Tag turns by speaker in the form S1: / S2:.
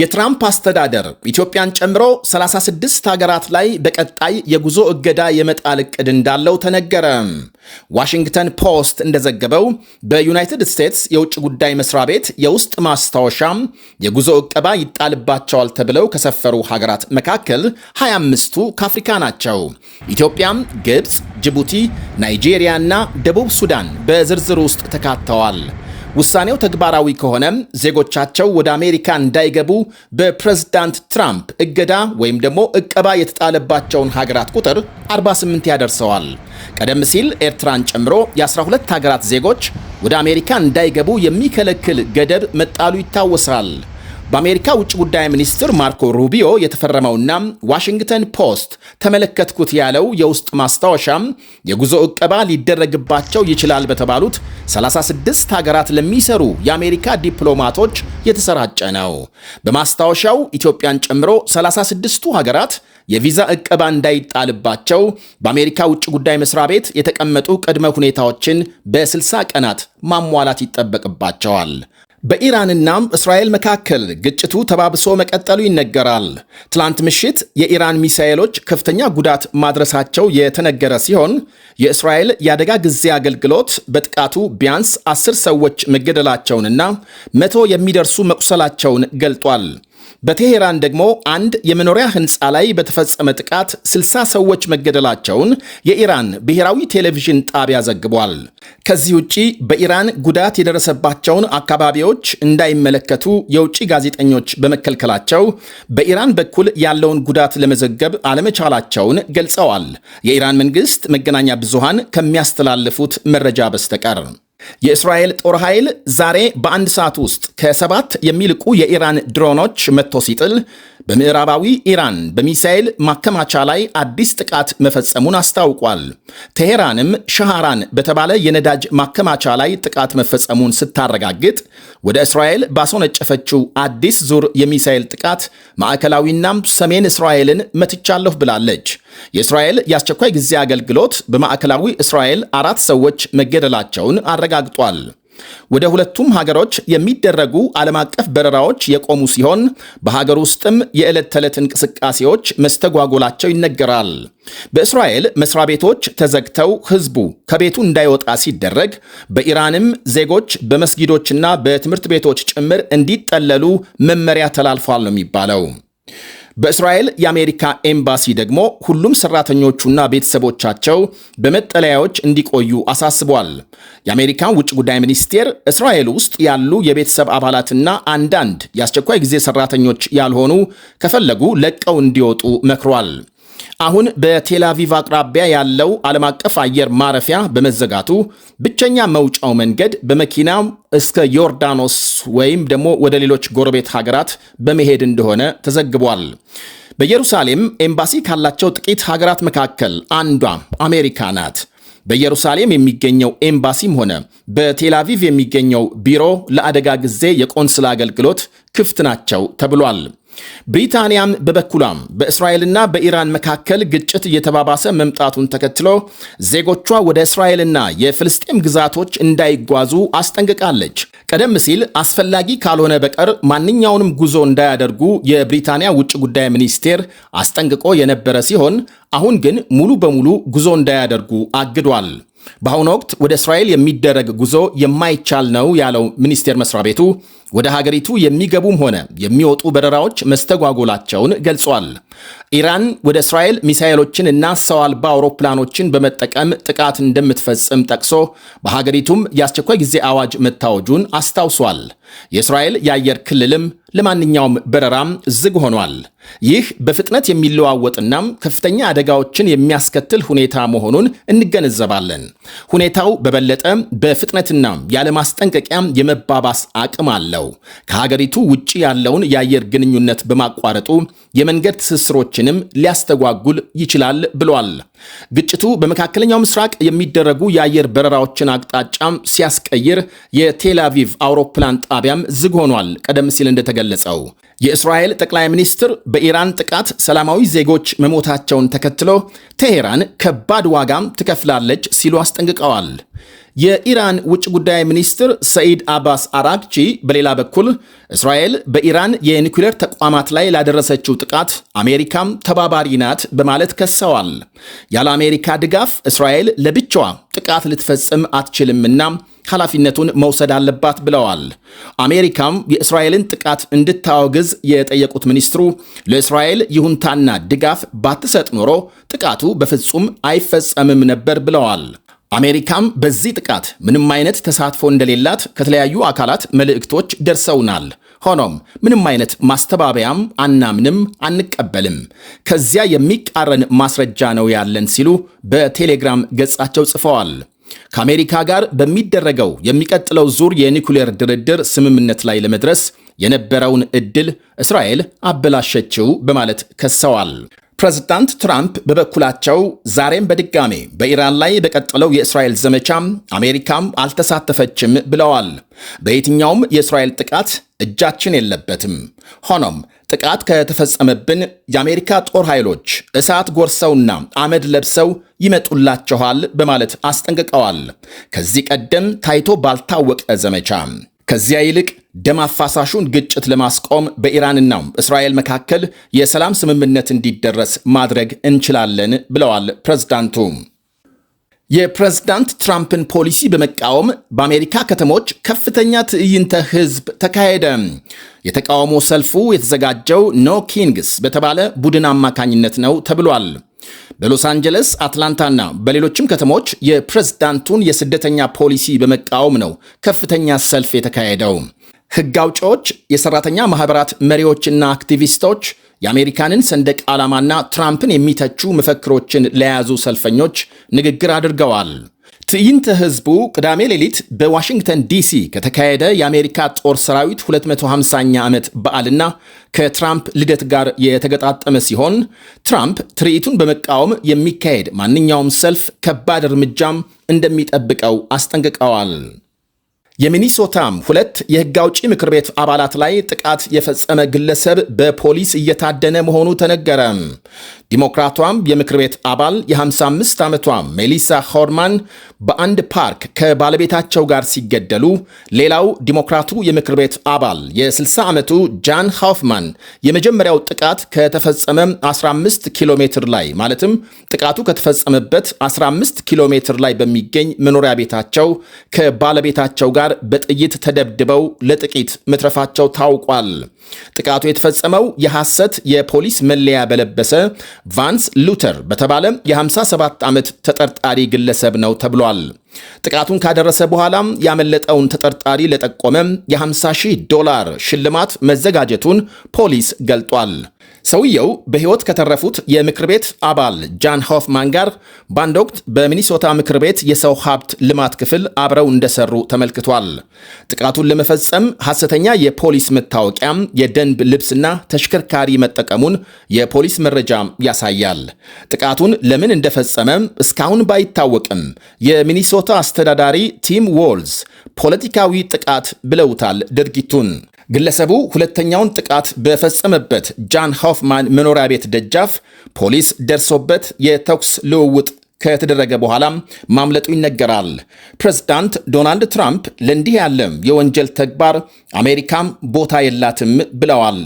S1: የትራምፕ አስተዳደር ኢትዮጵያን ጨምሮ 36 ሀገራት ላይ በቀጣይ የጉዞ እገዳ የመጣል እቅድ እንዳለው ተነገረ። ዋሽንግተን ፖስት እንደዘገበው በዩናይትድ ስቴትስ የውጭ ጉዳይ መስሪያ ቤት የውስጥ ማስታወሻ የጉዞ እቀባ ይጣልባቸዋል ተብለው ከሰፈሩ ሀገራት መካከል 25ቱ ከአፍሪካ ናቸው። ኢትዮጵያም፣ ግብፅ፣ ጅቡቲ፣ ናይጄሪያ እና ደቡብ ሱዳን በዝርዝር ውስጥ ተካተዋል። ውሳኔው ተግባራዊ ከሆነ ዜጎቻቸው ወደ አሜሪካ እንዳይገቡ በፕሬዝዳንት ትራምፕ እገዳ ወይም ደግሞ እቀባ የተጣለባቸውን ሀገራት ቁጥር 48 ያደርሰዋል። ቀደም ሲል ኤርትራን ጨምሮ የ12 ሀገራት ዜጎች ወደ አሜሪካ እንዳይገቡ የሚከለክል ገደብ መጣሉ ይታወሳል። በአሜሪካ ውጭ ጉዳይ ሚኒስትር ማርኮ ሩቢዮ የተፈረመውና ዋሽንግተን ፖስት ተመለከትኩት ያለው የውስጥ ማስታወሻ የጉዞ እቀባ ሊደረግባቸው ይችላል በተባሉት 36 ሀገራት ለሚሰሩ የአሜሪካ ዲፕሎማቶች የተሰራጨ ነው። በማስታወሻው ኢትዮጵያን ጨምሮ 36ቱ ሀገራት የቪዛ እቀባ እንዳይጣልባቸው በአሜሪካ ውጭ ጉዳይ መስሪያ ቤት የተቀመጡ ቅድመ ሁኔታዎችን በ60 ቀናት ማሟላት ይጠበቅባቸዋል። በኢራንና እስራኤል መካከል ግጭቱ ተባብሶ መቀጠሉ ይነገራል። ትላንት ምሽት የኢራን ሚሳኤሎች ከፍተኛ ጉዳት ማድረሳቸው የተነገረ ሲሆን የእስራኤል የአደጋ ጊዜ አገልግሎት በጥቃቱ ቢያንስ አስር ሰዎች መገደላቸውንና መቶ የሚደርሱ መቁሰላቸውን ገልጧል። በቴሄራን ደግሞ አንድ የመኖሪያ ህንፃ ላይ በተፈጸመ ጥቃት 60 ሰዎች መገደላቸውን የኢራን ብሔራዊ ቴሌቪዥን ጣቢያ ዘግቧል። ከዚህ ውጪ በኢራን ጉዳት የደረሰባቸውን አካባቢዎች እንዳይመለከቱ የውጭ ጋዜጠኞች በመከልከላቸው በኢራን በኩል ያለውን ጉዳት ለመዘገብ አለመቻላቸውን ገልጸዋል። የኢራን መንግስት መገናኛ ብዙሃን ከሚያስተላልፉት መረጃ በስተቀር የእስራኤል ጦር ኃይል ዛሬ በአንድ ሰዓት ውስጥ ከሰባት የሚልቁ የኢራን ድሮኖች መጥቶ ሲጥል በምዕራባዊ ኢራን በሚሳኤል ማከማቻ ላይ አዲስ ጥቃት መፈጸሙን አስታውቋል። ቴሄራንም ሸሃራን በተባለ የነዳጅ ማከማቻ ላይ ጥቃት መፈጸሙን ስታረጋግጥ ወደ እስራኤል ባስወነጨፈችው አዲስ ዙር የሚሳኤል ጥቃት ማዕከላዊናም ሰሜን እስራኤልን መትቻለሁ ብላለች። የእስራኤል የአስቸኳይ ጊዜ አገልግሎት በማዕከላዊ እስራኤል አራት ሰዎች መገደላቸውን አረጋ ተረጋግጧል። ወደ ሁለቱም ሀገሮች የሚደረጉ ዓለም አቀፍ በረራዎች የቆሙ ሲሆን በሀገር ውስጥም የዕለት ተዕለት እንቅስቃሴዎች መስተጓጎላቸው ይነገራል። በእስራኤል መስሪያ ቤቶች ተዘግተው ሕዝቡ ከቤቱ እንዳይወጣ ሲደረግ፣ በኢራንም ዜጎች በመስጊዶችና በትምህርት ቤቶች ጭምር እንዲጠለሉ መመሪያ ተላልፏል ነው የሚባለው። በእስራኤል የአሜሪካ ኤምባሲ ደግሞ ሁሉም ሰራተኞቹና ቤተሰቦቻቸው በመጠለያዎች እንዲቆዩ አሳስቧል። የአሜሪካ ውጭ ጉዳይ ሚኒስቴር እስራኤል ውስጥ ያሉ የቤተሰብ አባላትና አንዳንድ የአስቸኳይ ጊዜ ሰራተኞች ያልሆኑ ከፈለጉ ለቀው እንዲወጡ መክሯል። አሁን በቴላቪቭ አቅራቢያ ያለው ዓለም አቀፍ አየር ማረፊያ በመዘጋቱ ብቸኛ መውጫው መንገድ በመኪናም እስከ ዮርዳኖስ ወይም ደግሞ ወደ ሌሎች ጎረቤት ሀገራት በመሄድ እንደሆነ ተዘግቧል። በኢየሩሳሌም ኤምባሲ ካላቸው ጥቂት ሀገራት መካከል አንዷ አሜሪካ ናት። በኢየሩሳሌም የሚገኘው ኤምባሲም ሆነ በቴላቪቭ የሚገኘው ቢሮ ለአደጋ ጊዜ የቆንስላ አገልግሎት ክፍት ናቸው ተብሏል። ብሪታንያም በበኩሏም በእስራኤልና በኢራን መካከል ግጭት እየተባባሰ መምጣቱን ተከትሎ ዜጎቿ ወደ እስራኤልና የፍልስጤም ግዛቶች እንዳይጓዙ አስጠንቅቃለች። ቀደም ሲል አስፈላጊ ካልሆነ በቀር ማንኛውንም ጉዞ እንዳያደርጉ የብሪታንያ ውጭ ጉዳይ ሚኒስቴር አስጠንቅቆ የነበረ ሲሆን አሁን ግን ሙሉ በሙሉ ጉዞ እንዳያደርጉ አግዷል። በአሁኑ ወቅት ወደ እስራኤል የሚደረግ ጉዞ የማይቻል ነው ያለው ሚኒስቴር መስሪያ ቤቱ ወደ ሀገሪቱ የሚገቡም ሆነ የሚወጡ በረራዎች መስተጓጎላቸውን ገልጿል። ኢራን ወደ እስራኤል ሚሳኤሎችን እና ሰው አልባ አውሮፕላኖችን በመጠቀም ጥቃት እንደምትፈጽም ጠቅሶ በሀገሪቱም የአስቸኳይ ጊዜ አዋጅ መታወጁን አስታውሷል። የእስራኤል የአየር ክልልም ለማንኛውም በረራም ዝግ ሆኗል። ይህ በፍጥነት የሚለዋወጥና ከፍተኛ አደጋዎችን የሚያስከትል ሁኔታ መሆኑን እንገነዘባለን። ሁኔታው በበለጠ በፍጥነትና ያለማስጠንቀቂያ የመባባስ አቅም አለው። ከሀገሪቱ ውጭ ያለውን የአየር ግንኙነት በማቋረጡ የመንገድ ትስስሮችንም ሊያስተጓጉል ይችላል ብሏል። ግጭቱ በመካከለኛው ምስራቅ የሚደረጉ የአየር በረራዎችን አቅጣጫም ሲያስቀይር የቴላቪቭ አውሮፕላን ጣቢያም ዝግ ሆኗል። ቀደም ሲል እንደተገለጸው የእስራኤል ጠቅላይ ሚኒስትር በኢራን ጥቃት ሰላማዊ ዜጎች መሞታቸውን ተከትሎ ቴሄራን ከባድ ዋጋም ትከፍላለች ሲሉ አስጠንቅቀዋል። የኢራን ውጭ ጉዳይ ሚኒስትር ሰኢድ አባስ አራግቺ በሌላ በኩል እስራኤል በኢራን የኒኩሌር ተቋማት ላይ ላደረሰችው ጥቃት አሜሪካም ተባባሪ ናት በማለት ከሰዋል። ያለ አሜሪካ ድጋፍ እስራኤል ለብቻዋ ጥቃት ልትፈጽም አትችልምና ኃላፊነቱን መውሰድ አለባት ብለዋል። አሜሪካም የእስራኤልን ጥቃት እንድታወግዝ የጠየቁት ሚኒስትሩ ለእስራኤል ይሁንታና ድጋፍ ባትሰጥ ኖሮ ጥቃቱ በፍጹም አይፈጸምም ነበር ብለዋል። አሜሪካም በዚህ ጥቃት ምንም አይነት ተሳትፎ እንደሌላት ከተለያዩ አካላት መልእክቶች ደርሰውናል። ሆኖም ምንም አይነት ማስተባበያም አናምንም፣ አንቀበልም። ከዚያ የሚቃረን ማስረጃ ነው ያለን ሲሉ በቴሌግራም ገጻቸው ጽፈዋል። ከአሜሪካ ጋር በሚደረገው የሚቀጥለው ዙር የኒኩሌር ድርድር ስምምነት ላይ ለመድረስ የነበረውን ዕድል እስራኤል አበላሸችው በማለት ከሰዋል። ፕሬዝዳንት ትራምፕ በበኩላቸው ዛሬም በድጋሜ በኢራን ላይ በቀጠለው የእስራኤል ዘመቻ አሜሪካም አልተሳተፈችም ብለዋል። በየትኛውም የእስራኤል ጥቃት እጃችን የለበትም። ሆኖም ጥቃት ከተፈጸመብን የአሜሪካ ጦር ኃይሎች እሳት ጎርሰውና አመድ ለብሰው ይመጡላችኋል በማለት አስጠንቅቀዋል። ከዚህ ቀደም ታይቶ ባልታወቀ ዘመቻ ከዚያ ይልቅ ደም አፋሳሹን ግጭት ለማስቆም በኢራንና እስራኤል መካከል የሰላም ስምምነት እንዲደረስ ማድረግ እንችላለን ብለዋል ፕሬዝዳንቱ። የፕሬዝዳንት ትራምፕን ፖሊሲ በመቃወም በአሜሪካ ከተሞች ከፍተኛ ትዕይንተ ህዝብ ተካሄደ። የተቃውሞ ሰልፉ የተዘጋጀው ኖ ኪንግስ በተባለ ቡድን አማካኝነት ነው ተብሏል። በሎስ አንጀለስ፣ አትላንታና በሌሎችም ከተሞች የፕሬዝዳንቱን የስደተኛ ፖሊሲ በመቃወም ነው ከፍተኛ ሰልፍ የተካሄደው። ሕግ አውጪዎች፣ የሰራተኛ ማህበራት መሪዎችና አክቲቪስቶች የአሜሪካንን ሰንደቅ ዓላማና ትራምፕን የሚተቹ መፈክሮችን ለያዙ ሰልፈኞች ንግግር አድርገዋል። ትዕይንተ ህዝቡ ቅዳሜ ሌሊት በዋሽንግተን ዲሲ ከተካሄደ የአሜሪካ ጦር ሰራዊት 250ኛ ዓመት በዓልና ከትራምፕ ልደት ጋር የተገጣጠመ ሲሆን ትራምፕ ትርኢቱን በመቃወም የሚካሄድ ማንኛውም ሰልፍ ከባድ እርምጃም እንደሚጠብቀው አስጠንቅቀዋል። የሚኒሶታም ሁለት የህግ አውጪ ምክር ቤት አባላት ላይ ጥቃት የፈጸመ ግለሰብ በፖሊስ እየታደነ መሆኑ ተነገረ። ዲሞክራቷም የምክር ቤት አባል የ55 ዓመቷ ሜሊሳ ሆርማን በአንድ ፓርክ ከባለቤታቸው ጋር ሲገደሉ፣ ሌላው ዲሞክራቱ የምክር ቤት አባል የ60 ዓመቱ ጃን ሃውፍማን የመጀመሪያው ጥቃት ከተፈጸመ 15 ኪሎ ሜትር ላይ ማለትም ጥቃቱ ከተፈጸመበት 15 ኪሎ ሜትር ላይ በሚገኝ መኖሪያ ቤታቸው ከባለቤታቸው ጋር በጥይት ተደብድበው ለጥቂት መትረፋቸው ታውቋል። ጥቃቱ የተፈጸመው የሐሰት የፖሊስ መለያ በለበሰ ቫንስ ሉተር በተባለ የ57 ዓመት ተጠርጣሪ ግለሰብ ነው ተብሏል። ጥቃቱን ካደረሰ በኋላም ያመለጠውን ተጠርጣሪ ለጠቆመ የ50 ሺህ ዶላር ሽልማት መዘጋጀቱን ፖሊስ ገልጧል። ሰውየው በሕይወት ከተረፉት የምክር ቤት አባል ጃን ሆፍማን ጋር በአንድ ወቅት በሚኒሶታ ምክር ቤት የሰው ሀብት ልማት ክፍል አብረው እንደሰሩ ተመልክቷል። ጥቃቱን ለመፈጸም ሐሰተኛ የፖሊስ መታወቂያም፣ የደንብ ልብስና ተሽከርካሪ መጠቀሙን የፖሊስ መረጃ ያሳያል። ጥቃቱን ለምን እንደፈጸመ እስካሁን ባይታወቅም የሚኒሶ የሚኒሶታ አስተዳዳሪ ቲም ዎልዝ ፖለቲካዊ ጥቃት ብለውታል ድርጊቱን። ግለሰቡ ሁለተኛውን ጥቃት በፈጸመበት ጃን ሆፍማን መኖሪያ ቤት ደጃፍ ፖሊስ ደርሶበት የተኩስ ልውውጥ ከተደረገ በኋላ ማምለጡ ይነገራል። ፕሬዝዳንት ዶናልድ ትራምፕ ለእንዲህ ያለም የወንጀል ተግባር አሜሪካም ቦታ የላትም ብለዋል።